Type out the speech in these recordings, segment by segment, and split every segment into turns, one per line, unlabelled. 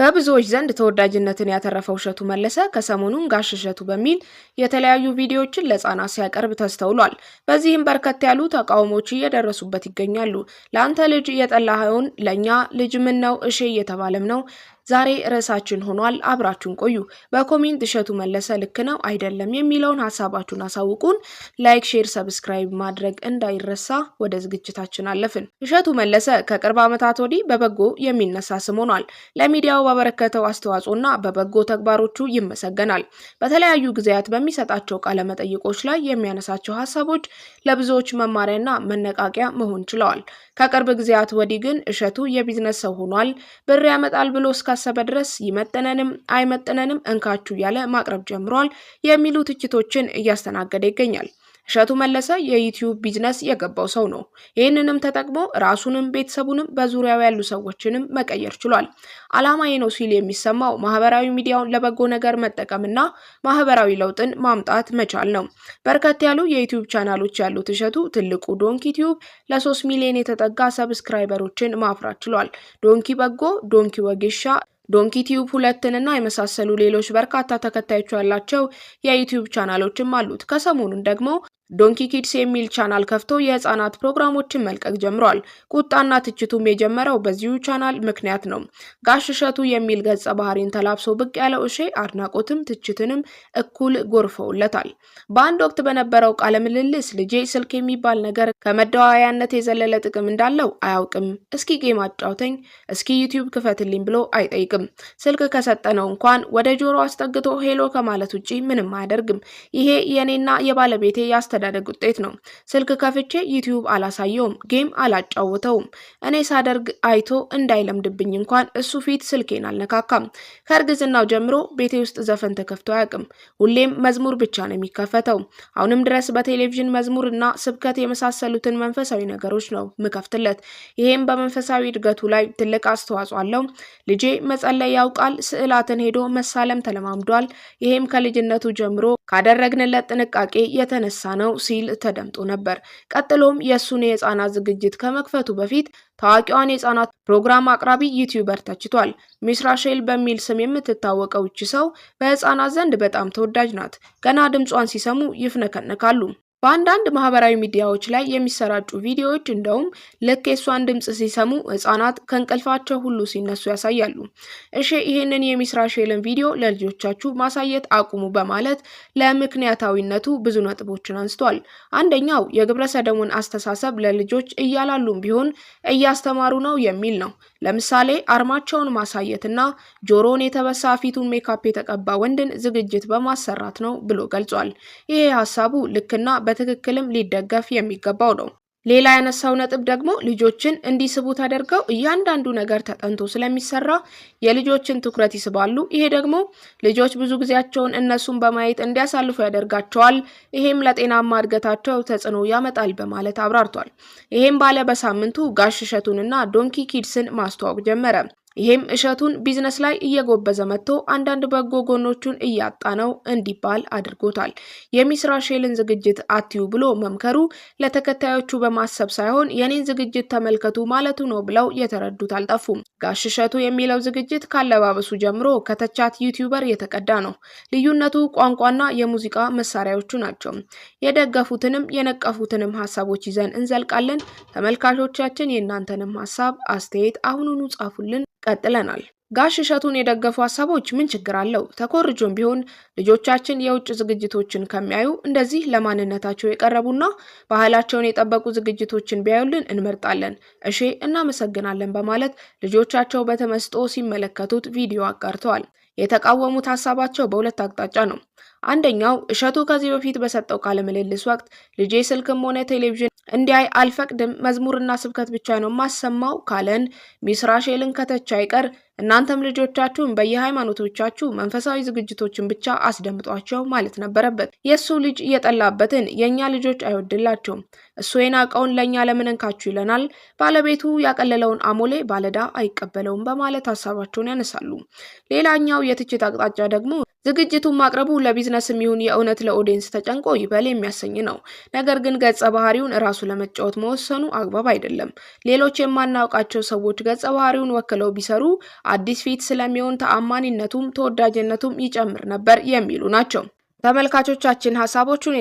በብዙዎች ዘንድ ተወዳጅነትን ያተረፈው እሸቱ መለሰ ከሰሞኑን ጋሽ እሸቱ በሚል የተለያዩ ቪዲዮዎችን ለህጻናት ሲያቀርብ ተስተውሏል። በዚህም በርከት ያሉ ተቃውሞዎች እየደረሱበት ይገኛሉ። ለአንተ ልጅ የጠላኸውን ለእኛ ልጅ ምን ነው እሼ እየተባለም ነው። ዛሬ ርዕሳችን ሆኗል። አብራችሁን ቆዩ። በኮሜንት እሸቱ መለሰ ልክ ነው አይደለም የሚለውን ሀሳባችሁን አሳውቁን። ላይክ፣ ሼር፣ ሰብስክራይብ ማድረግ እንዳይረሳ። ወደ ዝግጅታችን አለፍን። እሸቱ መለሰ ከቅርብ ዓመታት ወዲህ በበጎ የሚነሳ ስም ሆኗል። ለሚዲያው ባበረከተው አስተዋጽኦና በበጎ ተግባሮቹ ይመሰገናል። በተለያዩ ጊዜያት በሚሰጣቸው ቃለመጠይቆች ላይ የሚያነሳቸው ሀሳቦች ለብዙዎች መማሪያና መነቃቂያ መሆን ችለዋል። ከቅርብ ጊዜያት ወዲህ ግን እሸቱ የቢዝነስ ሰው ሆኗል። ብር ያመጣል ብሎ እስካሰበ ድረስ ይመጠነንም አይመጠነንም እንካችሁ እያለ ማቅረብ ጀምሯል የሚሉ ትችቶችን እያስተናገደ ይገኛል። እሸቱ መለሰ የዩቲዩብ ቢዝነስ የገባው ሰው ነው። ይህንንም ተጠቅሞ ራሱንም ቤተሰቡንም በዙሪያው ያሉ ሰዎችንም መቀየር ችሏል። አላማዬ ነው ሲል የሚሰማው ማህበራዊ ሚዲያውን ለበጎ ነገር መጠቀምና ማህበራዊ ለውጥን ማምጣት መቻል ነው። በርከት ያሉ የዩቲዩብ ቻናሎች ያሉት እሸቱ ትልቁ ዶንኪ ቲዩብ ለሶስት ሚሊዮን የተጠጋ ሰብስክራይበሮችን ማፍራት ችሏል። ዶንኪ በጎ፣ ዶንኪ ወጌሻ ዶንኪ ቲዩብ ሁለትንና የመሳሰሉ ሌሎች በርካታ ተከታዮች ያላቸው የዩቲዩብ ቻናሎችም አሉት። ከሰሞኑን ደግሞ ዶንኪ ኪድስ የሚል ቻናል ከፍቶ የህፃናት ፕሮግራሞችን መልቀቅ ጀምሯል። ቁጣና ትችቱም የጀመረው በዚሁ ቻናል ምክንያት ነው። ጋሽ እሸቱ የሚል ገጸ ባህሪን ተላብሶ ብቅ ያለው እሼ አድናቆትም ትችትንም እኩል ጎርፈውለታል። በአንድ ወቅት በነበረው ቃለ ምልልስ ልጄ ስልክ የሚባል ነገር ከመደዋያነት የዘለለ ጥቅም እንዳለው አያውቅም፣ እስኪ ጌም አጫውተኝ፣ እስኪ ዩቲዩብ ክፈትልኝ ብሎ አይጠይቅም። ስልክ ከሰጠነው እንኳን ወደ ጆሮ አስጠግቶ ሄሎ ከማለት ውጪ ምንም አያደርግም። ይሄ የእኔና የባለቤቴ ያስተ የመተዳደግ ውጤት ነው። ስልክ ከፍቼ ዩቲዩብ አላሳየውም፣ ጌም አላጫወተውም እኔ ሳደርግ አይቶ እንዳይለምድብኝ እንኳን እሱ ፊት ስልኬን አልነካካም። ከእርግዝናው ጀምሮ ቤቴ ውስጥ ዘፈን ተከፍቶ አያውቅም። ሁሌም መዝሙር ብቻ ነው የሚከፈተው። አሁንም ድረስ በቴሌቪዥን መዝሙር እና ስብከት የመሳሰሉትን መንፈሳዊ ነገሮች ነው ምከፍትለት። ይሄም በመንፈሳዊ እድገቱ ላይ ትልቅ አስተዋጽኦ አለው። ልጄ መጸለይ ያውቃል። ስዕላትን ሄዶ መሳለም ተለማምዷል። ይሄም ከልጅነቱ ጀምሮ ካደረግንለት ጥንቃቄ የተነሳ ነው። ነው ሲል ተደምጦ ነበር። ቀጥሎም የእሱን የህፃናት ዝግጅት ከመክፈቱ በፊት ታዋቂዋን የህፃናት ፕሮግራም አቅራቢ ዩቲዩበር ተችቷል። ሚስ ራሼል በሚል ስም የምትታወቀው እቺ ሰው በህፃናት ዘንድ በጣም ተወዳጅ ናት። ገና ድምጿን ሲሰሙ ይፍነከነካሉ። በአንዳንድ ማህበራዊ ሚዲያዎች ላይ የሚሰራጩ ቪዲዮዎች እንደውም ልክ የእሷን ድምፅ ሲሰሙ ህጻናት ከእንቅልፋቸው ሁሉ ሲነሱ ያሳያሉ። እሺ ይህንን የሚስራ ሼልን ቪዲዮ ለልጆቻችሁ ማሳየት አቁሙ በማለት ለምክንያታዊነቱ ብዙ ነጥቦችን አንስቷል። አንደኛው የግብረ ሰደሙን አስተሳሰብ ለልጆች እያላሉም ቢሆን እያስተማሩ ነው የሚል ነው። ለምሳሌ አርማቸውን ማሳየትና ጆሮን የተበሳ ፊቱን ሜካፕ የተቀባ ወንድን ዝግጅት በማሰራት ነው ብሎ ገልጿል። ይሄ ሀሳቡ ልክና በትክክልም ሊደገፍ የሚገባው ነው። ሌላ ያነሳው ነጥብ ደግሞ ልጆችን እንዲስቡ ተደርገው እያንዳንዱ ነገር ተጠንቶ ስለሚሰራ የልጆችን ትኩረት ይስባሉ። ይሄ ደግሞ ልጆች ብዙ ጊዜያቸውን እነሱን በማየት እንዲያሳልፉ ያደርጋቸዋል። ይሄም ለጤናማ እድገታቸው ተጽዕኖ ያመጣል በማለት አብራርቷል። ይሄም ባለ በሳምንቱ ጋሽ እሸቱንና ዶንኪ ኪድስን ማስተዋወቅ ጀመረ። ይህም እሸቱን ቢዝነስ ላይ እየጎበዘ መጥቶ አንዳንድ በጎ ጎኖቹን እያጣ ነው እንዲባል አድርጎታል። የሚስራ ሼልን ዝግጅት አትዩ ብሎ መምከሩ ለተከታዮቹ በማሰብ ሳይሆን የኔን ዝግጅት ተመልከቱ ማለቱ ነው ብለው የተረዱት አልጠፉም። ጋሽ እሸቱ የሚለው ዝግጅት ካለባበሱ ጀምሮ ከተቻት ዩቲዩበር የተቀዳ ነው። ልዩነቱ ቋንቋና የሙዚቃ መሳሪያዎቹ ናቸው። የደገፉትንም የነቀፉትንም ሀሳቦች ይዘን እንዘልቃለን። ተመልካቾቻችን የእናንተንም ሀሳብ አስተያየት አሁኑኑ ጻፉልን። ቀጥለናል። ጋሽ እሸቱን የደገፉ ሀሳቦች ምን ችግር አለው? ተኮርጆም ቢሆን ልጆቻችን የውጭ ዝግጅቶችን ከሚያዩ እንደዚህ ለማንነታቸው የቀረቡና ባህላቸውን የጠበቁ ዝግጅቶችን ቢያዩልን እንመርጣለን። እሺ እናመሰግናለን በማለት ልጆቻቸው በተመስጦ ሲመለከቱት ቪዲዮ አጋርተዋል። የተቃወሙት ሀሳባቸው በሁለት አቅጣጫ ነው። አንደኛው እሸቱ ከዚህ በፊት በሰጠው ቃለ ምልልስ ወቅት ልጄ ስልክም ሆነ ቴሌቪዥን እንዲያይ አልፈቅድም፣ መዝሙርና ስብከት ብቻ ነው ማሰማው ካለን ሚስራሼልን ከተች አይቀር እናንተም ልጆቻችሁን በየሃይማኖቶቻችሁ መንፈሳዊ ዝግጅቶችን ብቻ አስደምጧቸው ማለት ነበረበት። የእሱ ልጅ እየጠላበትን የእኛ ልጆች አይወድላቸውም። እሱ የናቀውን ለእኛ ለምን እንካችሁ ይለናል። ባለቤቱ ያቀለለውን አሞሌ ባለዳ አይቀበለውም በማለት ሀሳባቸውን ያነሳሉ። ሌላኛው የትችት አቅጣጫ ደግሞ ዝግጅቱን ማቅረቡ ለቢዝነስም ይሁን የእውነት ለኦዲየንስ ተጨንቆ ይበል የሚያሰኝ ነው። ነገር ግን ገጸ ባህሪውን እራሱ ለመጫወት መወሰኑ አግባብ አይደለም። ሌሎች የማናውቃቸው ሰዎች ገጸ ባህሪውን ወክለው ቢሰሩ አዲስ ፊት ስለሚሆን ተአማኒነቱም ተወዳጅነቱም ይጨምር ነበር የሚሉ ናቸው። ተመልካቾቻችን ሀሳቦቹን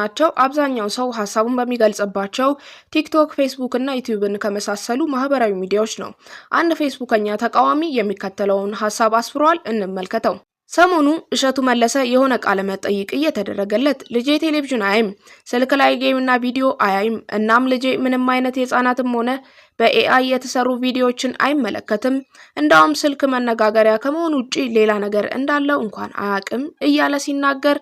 ናቸው። አብዛኛው ሰው ሀሳቡን በሚገልጽባቸው ቲክቶክ፣ ፌስቡክ እና ዩቲዩብን ከመሳሰሉ ማህበራዊ ሚዲያዎች ነው። አንድ ፌስቡከኛ ተቃዋሚ የሚከተለውን ሀሳብ አስፍሯል፣ እንመልከተው። ሰሞኑ እሸቱ መለሰ የሆነ ቃለ መጠይቅ እየተደረገለት ልጄ ቴሌቪዥን አያይም፣ ስልክ ላይ ጌምና ቪዲዮ አያይም። እናም ልጄ ምንም አይነት የህፃናትም ሆነ በኤአይ የተሰሩ ቪዲዮዎችን አይመለከትም። እንዳውም ስልክ መነጋገሪያ ከመሆኑ ውጪ ሌላ ነገር እንዳለው እንኳን አያውቅም እያለ ሲናገር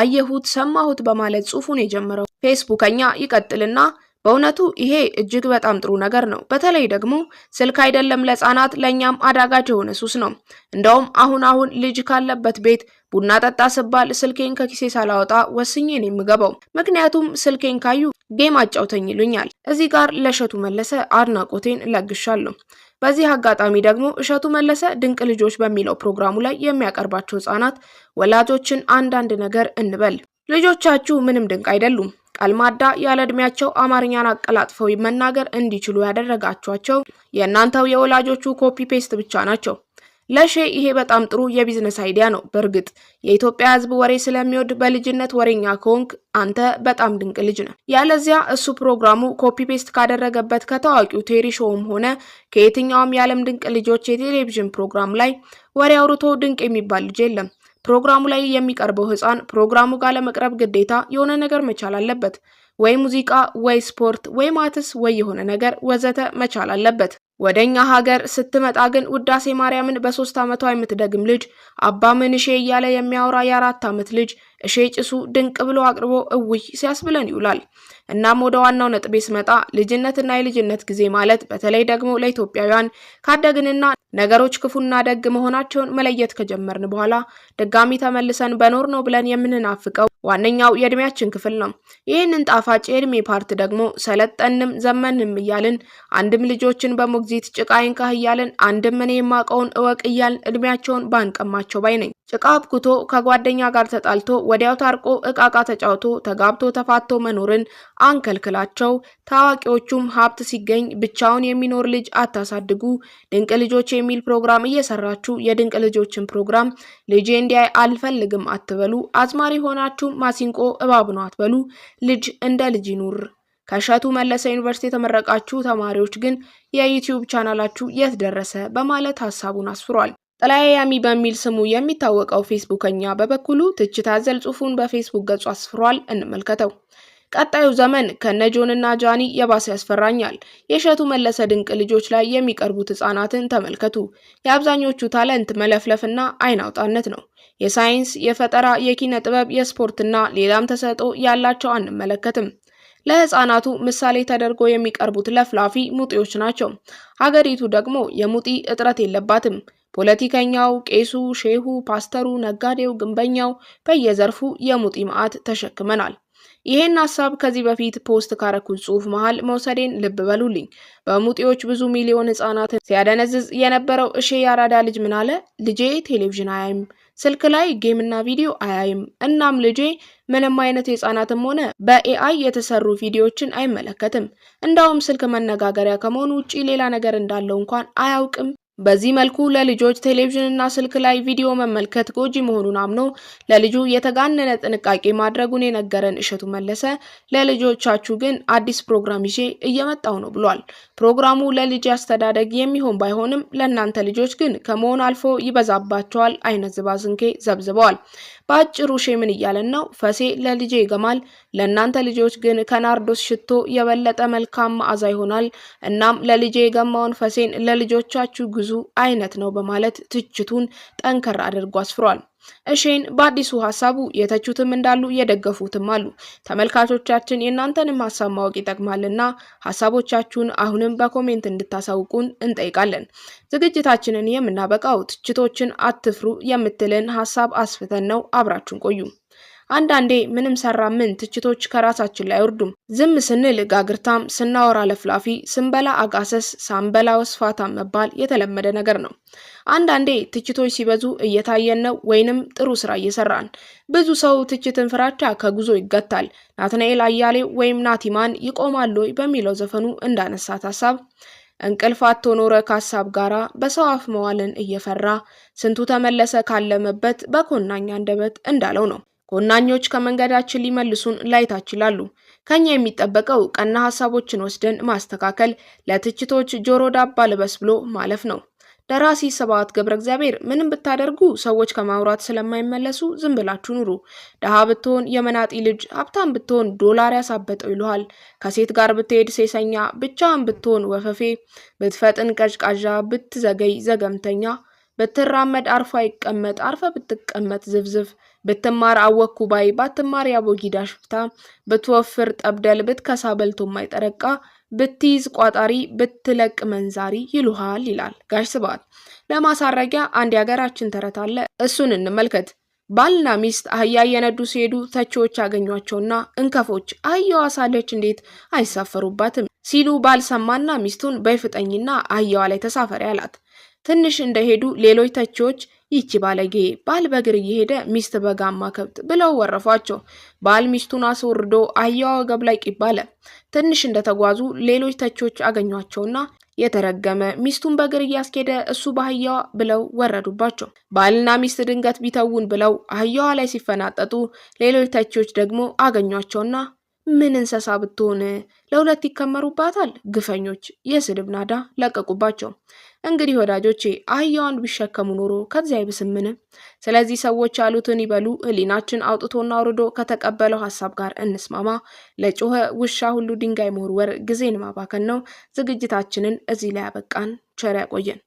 አየሁት፣ ሰማሁት በማለት ጽሁፉን የጀመረው ፌስቡከኛ ይቀጥልና በእውነቱ ይሄ እጅግ በጣም ጥሩ ነገር ነው። በተለይ ደግሞ ስልክ አይደለም ለህፃናት ለእኛም አዳጋጅ የሆነ ሱስ ነው። እንደውም አሁን አሁን ልጅ ካለበት ቤት ቡና ጠጣ ስባል ስልኬን ከኪሴ ሳላወጣ ወስኜ ነው የምገባው። ምክንያቱም ስልኬን ካዩ ጌም አጫውተኝ ይሉኛል። እዚህ ጋር ለእሸቱ መለሰ አድናቆቴን ለግሻለሁ። በዚህ አጋጣሚ ደግሞ እሸቱ መለሰ ድንቅ ልጆች በሚለው ፕሮግራሙ ላይ የሚያቀርባቸው ህፃናት ወላጆችን አንዳንድ ነገር እንበል፣ ልጆቻችሁ ምንም ድንቅ አይደሉም ቃልማዳ ያለ እድሜያቸው አማርኛን አቀላጥፈው መናገር እንዲችሉ ያደረጋችኋቸው የእናንተው የወላጆቹ ኮፒ ፔስት ብቻ ናቸው። ለሼ ይሄ በጣም ጥሩ የቢዝነስ አይዲያ ነው። በእርግጥ የኢትዮጵያ ሕዝብ ወሬ ስለሚወድ በልጅነት ወሬኛ ከሆንክ አንተ በጣም ድንቅ ልጅ ነው። ያለዚያ እሱ ፕሮግራሙ ኮፒ ፔስት ካደረገበት ከታዋቂው ቴሪ ሾውም ሆነ ከየትኛውም የዓለም ድንቅ ልጆች የቴሌቪዥን ፕሮግራም ላይ ወሬ አውርቶ ድንቅ የሚባል ልጅ የለም። ፕሮግራሙ ላይ የሚቀርበው ህፃን ፕሮግራሙ ጋር ለመቅረብ ግዴታ የሆነ ነገር መቻል አለበት ወይ ሙዚቃ ወይ ስፖርት ወይ ማትስ ወይ የሆነ ነገር ወዘተ መቻል አለበት። ወደ እኛ ሀገር ስትመጣ ግን ውዳሴ ማርያምን በሶስት ዓመቷ የምትደግም ልጅ አባ ምን እሼ እያለ የሚያወራ የአራት ዓመት ልጅ እሼ ጭሱ ድንቅ ብሎ አቅርቦ እውይ ሲያስብለን ይውላል። እናም ወደ ዋናው ነጥቤ ስመጣ ልጅነትና የልጅነት ጊዜ ማለት በተለይ ደግሞ ለኢትዮጵያውያን ካደግንና ነገሮች ክፉና ደግ መሆናቸውን መለየት ከጀመርን በኋላ ድጋሚ ተመልሰን በኖር ነው ብለን የምንናፍቀው ዋነኛው የእድሜያችን ክፍል ነው። ይህንን ጣፋጭ የእድሜ ፓርት ደግሞ ሰለጠንም ዘመንም እያልን አንድም ልጆችን በሞ ጊዜ ጭቃይን ካህ እያልን አንድም እኔ የማውቀውን እወቅ እያልን እድሜያቸውን ባንቀማቸው ባይ ነኝ። ጭቃ አብኩቶ ከጓደኛ ጋር ተጣልቶ ወዲያው ታርቆ እቃቃ ተጫውቶ ተጋብቶ ተፋቶ መኖርን አንከልክላቸው። ታዋቂዎቹም ሀብት ሲገኝ ብቻውን የሚኖር ልጅ አታሳድጉ። ድንቅ ልጆች የሚል ፕሮግራም እየሰራችሁ የድንቅ ልጆችን ፕሮግራም ልጄ እንዲያይ አልፈልግም አትበሉ። አዝማሪ ሆናችሁ ማሲንቆ እባብ ነው አትበሉ። ልጅ እንደ ልጅ ይኑር። ከእሸቱ መለሰ ዩኒቨርሲቲ የተመረቃችሁ ተማሪዎች ግን የዩቲዩብ ቻናላችሁ የት ደረሰ በማለት ሀሳቡን አስፍሯል። ጥላዬ ያሚ በሚል ስሙ የሚታወቀው ፌስቡከኛ በበኩሉ ትችት አዘል ጽሑፉን በፌስቡክ ገጹ አስፍሯል። እንመልከተው። ቀጣዩ ዘመን ና ጃኒ የባሰ ያስፈራኛል። የእሸቱ መለሰ ድንቅ ልጆች ላይ የሚቀርቡት ህጻናትን ተመልከቱ። የአብዛኞቹ ታለንት መለፍለፍና አይን አውጣነት ነው። የሳይንስ፣ የፈጠራ፣ የኪነ ጥበብ፣ የስፖርትና ሌላም ተሰጥኦ ያላቸው አንመለከትም። ለህፃናቱ ምሳሌ ተደርጎ የሚቀርቡት ለፍላፊ ሙጢዎች ናቸው። ሀገሪቱ ደግሞ የሙጢ እጥረት የለባትም። ፖለቲከኛው፣ ቄሱ፣ ሼሁ፣ ፓስተሩ፣ ነጋዴው፣ ግንበኛው በየዘርፉ የሙጢ መዓት ተሸክመናል። ይሄን ሀሳብ ከዚህ በፊት ፖስት ካረኩት ጽሁፍ መሀል መውሰዴን ልብ በሉልኝ። በሙጤዎች ብዙ ሚሊዮን ህጻናትን ሲያደነዝዝ የነበረው እሼ ያራዳ ልጅ ምን አለ? ልጄ ቴሌቪዥን አያይም፣ ስልክ ላይ ጌምና ቪዲዮ አያይም። እናም ልጄ ምንም አይነት የህጻናትም ሆነ በኤአይ የተሰሩ ቪዲዮዎችን አይመለከትም። እንዳውም ስልክ መነጋገሪያ ከመሆኑ ውጪ ሌላ ነገር እንዳለው እንኳን አያውቅም በዚህ መልኩ ለልጆች ቴሌቪዥንና ስልክ ላይ ቪዲዮ መመልከት ጎጂ መሆኑን አምኖ ለልጁ የተጋነነ ጥንቃቄ ማድረጉን የነገረን እሸቱ መለሰ ለልጆቻችሁ ግን አዲስ ፕሮግራም ይዤ እየመጣው ነው ብሏል። ፕሮግራሙ ለልጅ አስተዳደግ የሚሆን ባይሆንም ለእናንተ ልጆች ግን ከመሆን አልፎ ይበዛባቸዋል አይነት ዝባዝንኬ ዘብዝበዋል። በአጭሩ ሼ ምን እያለን ነው? ፈሴ ለልጄ ይገማል፣ ለእናንተ ልጆች ግን ከናርዶስ ሽቶ የበለጠ መልካም መዓዛ ይሆናል። እናም ለልጄ የገማውን ፈሴን ለልጆቻችሁ ግዙ አይነት ነው በማለት ትችቱን ጠንከር አድርጎ አስፍሯል። እሼን በአዲሱ ሀሳቡ የተቹትም እንዳሉ የደገፉትም አሉ። ተመልካቾቻችን የእናንተንም ሀሳብ ማወቅ ይጠቅማልና ሀሳቦቻችሁን አሁንም በኮሜንት እንድታሳውቁን እንጠይቃለን። ዝግጅታችንን የምናበቃው ትችቶችን አትፍሩ የምትልን ሀሳብ አስፍተን ነው። አብራችሁን ቆዩ። አንዳንዴ ምንም ሰራ ምን ትችቶች ከራሳችን ላይ አይወርዱም። ዝም ስንል ጋግርታም፣ ስናወራ ለፍላፊ፣ ስንበላ አጋሰስ፣ ሳንበላ ወስፋታ መባል የተለመደ ነገር ነው። አንዳንዴ ትችቶች ሲበዙ እየታየን ነው ወይንም ጥሩ ስራ እየሰራን። ብዙ ሰው ትችትን ፍራቻ ከጉዞ ይገታል። ናትናኤል አያሌ ወይም ናቲማን ይቆማሉ ወይ በሚለው ዘፈኑ እንዳነሳት ሀሳብ እንቅልፍ አጥቶ ኖረ ከሀሳብ ጋራ በሰው አፍ መዋልን እየፈራ ስንቱ ተመለሰ ካለመበት በኮናኛ አንደበት እንዳለው ነው። ጎናኞች ከመንገዳችን ሊመልሱን ላይታች ይላሉ። ከኛ የሚጠበቀው ቀና ሀሳቦችን ወስደን ማስተካከል፣ ለትችቶች ጆሮ ዳባ ልበስ ብሎ ማለፍ ነው። ደራሲ ስብሐት ገብረ እግዚአብሔር ምንም ብታደርጉ ሰዎች ከማውራት ስለማይመለሱ ዝም ብላችሁ ኑሩ። ድሃ ብትሆን የመናጢ ልጅ፣ ሀብታም ብትሆን ዶላር ያሳበጠው ይሉሃል። ከሴት ጋር ብትሄድ ሴሰኛ፣ ብቻህን ብትሆን ወፈፌ፣ ብትፈጥን ቀዥቃዣ፣ ብትዘገይ ዘገምተኛ፣ ብትራመድ አርፎ አይቀመጥ፣ አርፈ ብትቀመጥ ዝፍዝፍ፣ ብትማር አወኩ ባይ ባትማር ያቦጊዳ ሽፍታ ብትወፍር ጠብደል ብትከሳ በልቶ ማይጠረቃ ብትይዝ ቋጣሪ ብትለቅ መንዛሪ ይሉሃል ይላል ጋሽ ስብሐት። ለማሳረጊያ አንድ የሀገራችን ተረት አለ፣ እሱን እንመልከት። ባልና ሚስት አህያ እየነዱ ሲሄዱ ተቺዎች ያገኟቸውና እንከፎች አህያዋ ሳለች እንዴት አይሳፈሩባትም ሲሉ ባል ሰማና ሚስቱን በይፍጠኝና አህያዋ ላይ ተሳፈሪ አላት። ትንሽ እንደሄዱ ሌሎች ተቺዎች ይቺ ባለጌ ባል በእግር እየሄደ ሚስት በጋማ ከብት ብለው ወረፏቸው። ባል ሚስቱን አስወርዶ አህያዋ ወገብ ላይ ቂብ አለ። ትንሽ እንደተጓዙ ሌሎች ተቾች አገኟቸውና የተረገመ ሚስቱን በእግር እያስኬደ እሱ በአህያዋ ብለው ወረዱባቸው። ባልና ሚስት ድንገት ቢተውን ብለው አህያዋ ላይ ሲፈናጠጡ ሌሎች ተቺዎች ደግሞ አገኟቸውና ምን እንስሳ ብትሆን ለሁለት ይከመሩባታል። ግፈኞች የስድብ ናዳ ለቀቁባቸው። እንግዲህ ወዳጆቼ አህያዋን ቢሸከሙ ኖሮ ከዚያ አይብስምን? ስለዚህ ሰዎች ያሉትን ይበሉ። ህሊናችን አውጥቶና አውርዶ ከተቀበለው ሀሳብ ጋር እንስማማ። ለጮኸ ውሻ ሁሉ ድንጋይ መወርወር ጊዜን ማባከን ነው። ዝግጅታችንን እዚህ ላይ ያበቃን። ቸር ያቆየን።